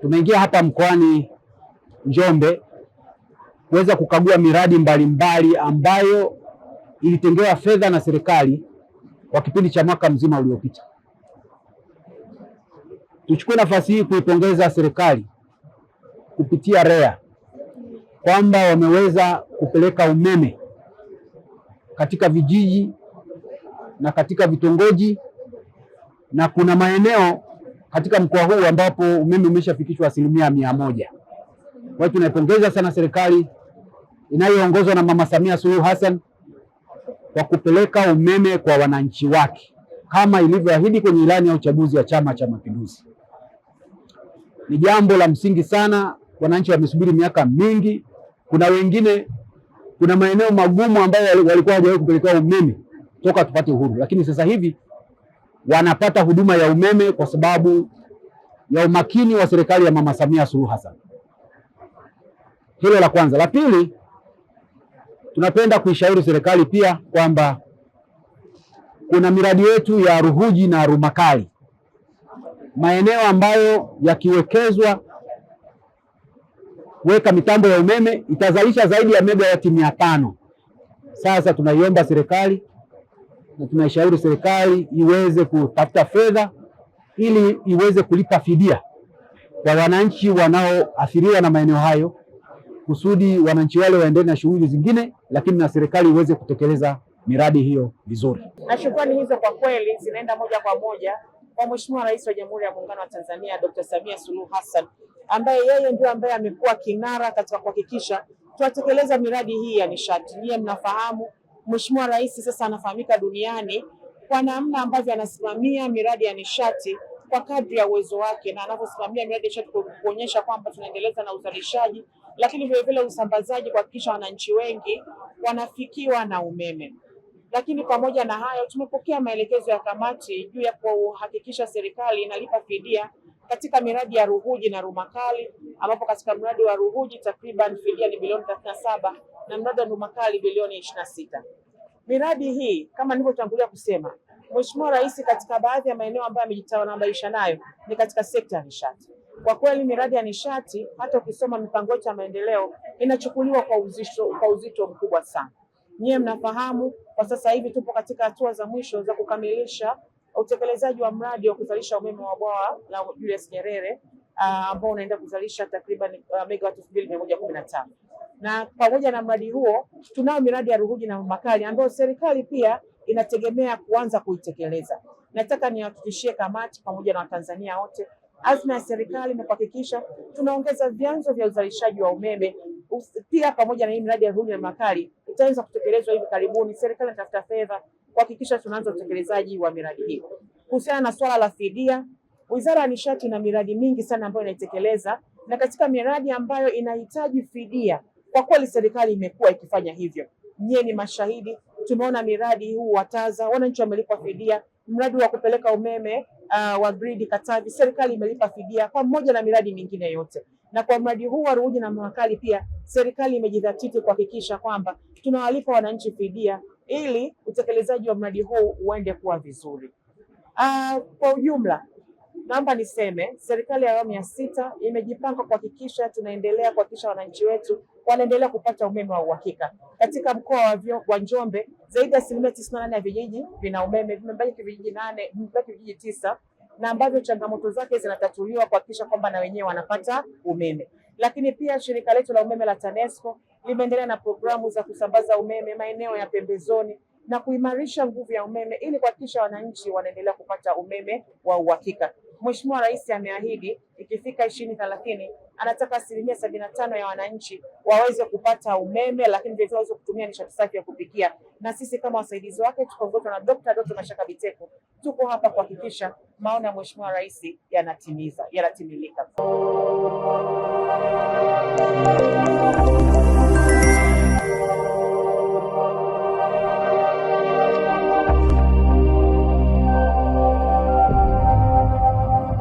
Tumeingia hapa mkoani Njombe kuweza kukagua miradi mbalimbali mbali ambayo ilitengewa fedha na serikali kwa kipindi cha mwaka mzima uliopita. Tuchukue nafasi hii kuipongeza serikali kupitia REA kwamba wameweza kupeleka umeme katika vijiji na katika vitongoji na kuna maeneo katika mkoa huu ambapo umeme umeshafikishwa asilimia mia moja. Kwa hiyo tunaipongeza sana serikali inayoongozwa na Mama Samia Suluhu Hassan kwa kupeleka umeme kwa wananchi wake kama ilivyoahidi kwenye ilani ya uchaguzi wa Chama cha Mapinduzi. Ni jambo la msingi sana, wananchi wamesubiri miaka mingi. Kuna wengine, kuna maeneo magumu ambayo walikuwa hawajawahi kupelekewa umeme toka tupate uhuru, lakini sasa hivi wanapata huduma ya umeme kwa sababu ya umakini wa serikali ya Mama Samia Suluhu Hassan. Hilo la kwanza. La pili, tunapenda kuishauri serikali pia kwamba kuna miradi yetu ya Ruhuji na Rumakali, maeneo ambayo yakiwekezwa kuweka mitambo ya umeme itazalisha zaidi ya megawati mia tano. Sasa tunaiomba serikali na tunaishauri serikali iweze kutafuta fedha ili iweze kulipa fidia kwa wananchi wanaoathiriwa na maeneo hayo, kusudi wananchi wale waendelee na shughuli zingine, lakini na serikali iweze kutekeleza miradi hiyo vizuri. Na shukrani hizo kwa kweli zinaenda moja kwa moja kwa Mheshimiwa Rais wa Jamhuri ya Muungano wa Tanzania Dr. Samia Suluhu Hassan ambaye yeye ndio ambaye amekuwa kinara katika kuhakikisha tunatekeleza miradi hii ya nishati. Niye mnafahamu Mheshimiwa Rais sasa anafahamika duniani kwa namna ambavyo anasimamia miradi ya nishati kwa kadri ya uwezo wake na anavyosimamia miradi ya nishati kuonyesha kwamba tunaendeleza na uzalishaji, lakini vilevile usambazaji, kuhakikisha wananchi wengi wanafikiwa na umeme. Lakini pamoja na hayo, tumepokea maelekezo ya kamati juu ya kuhakikisha serikali inalipa fidia katika miradi ya ruhuji na Rumakali ambapo katika mradi wa ruhuji takriban fidia ni bilioni thelathini na saba na mradi wa Rumakali bilioni ishirini sita. Miradi hii kama nilivyotangulia kusema, Mheshimiwa Rais katika baadhi ya maeneo ambayo amejitanabaisha nayo ni katika sekta ya nishati. Kwa kweli miradi ya nishati, hata ukisoma mipango yetu ya maendeleo inachukuliwa kwa uzito, kwa uzito mkubwa sana. Nyiwe mnafahamu kwa sasa hivi tupo katika hatua za mwisho za kukamilisha utekelezaji wa mradi wa kuzalisha umeme wa bwawa la Julius Nyerere ah, ambao uh, unaenda kuzalisha takriban uh, ah, megawati elfu mbili mia moja kumi na tano na pamoja na mradi huo tunao miradi ya Ruhuji na Makali ambayo serikali pia inategemea kuanza kuitekeleza. Nataka nihakikishie kamati pamoja na Watanzania wote azma ya serikali ni kuhakikisha tunaongeza vyanzo vya uzalishaji wa umeme pia pamoja na hii miradi ya Ruhuji na Makali itaweza kutekelezwa hivi karibuni. Serikali inatafuta fedha kuhakikisha tunaanza utekelezaji wa miradi hiyo. Kuhusiana na swala la fidia, Wizara ya Nishati ina miradi mingi sana ambayo inaitekeleza, na katika miradi ambayo inahitaji fidia, kwa kweli serikali imekuwa ikifanya hivyo. Nyie ni mashahidi, tumeona miradi huu wa TAZA wananchi wamelipwa fidia, mradi wa kupeleka umeme uh, wa gridi Katavi, serikali imelipa fidia pamoja na miradi mingine yote. Na kwa mradi huu wa na Mawakali pia serikali imejidhatiti kuhakikisha kwamba tunawalipa wananchi fidia ili utekelezaji wa mradi huu uende kuwa vizuri. Uh, kwa ujumla naomba niseme serikali ya awamu ya sita imejipanga kuhakikisha tunaendelea kuhakikisha wananchi wetu wanaendelea kupata umeme wa uhakika. Katika mkoa wa Njombe zaidi ya asilimia tisini na nane ya vijiji vina umeme, vimebaki vijiji nane, vimebaki vijiji tisa na ambavyo changamoto zake zinatatuliwa kuhakikisha kwamba na wenyewe wanapata umeme. Lakini pia shirika letu la umeme la TANESCO limeendelea na programu za kusambaza umeme maeneo ya pembezoni na kuimarisha nguvu ya umeme ili kuhakikisha wananchi wanaendelea kupata umeme wa uhakika. Mheshimiwa Rais ameahidi ikifika ishirini thelathini anataka asilimia sabini na tano ya wananchi waweze kupata umeme, lakini vilevile waweze kutumia nishati safi ya kupikia. Na sisi kama wasaidizi wake tukiongozwa na Dr. Doto Mashaka Biteko tuko hapa kuhakikisha maono ya Mheshimiwa Rais yanatimiza yanatimilika.